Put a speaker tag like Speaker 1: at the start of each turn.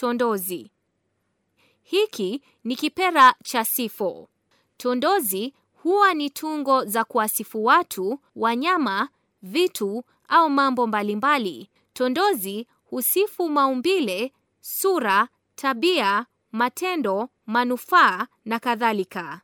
Speaker 1: Tondozi. Hiki ni kipera cha sifo. Tondozi huwa ni tungo za kuwasifu watu, wanyama, vitu au mambo mbalimbali. Tondozi husifu maumbile, sura, tabia, matendo, manufaa na kadhalika.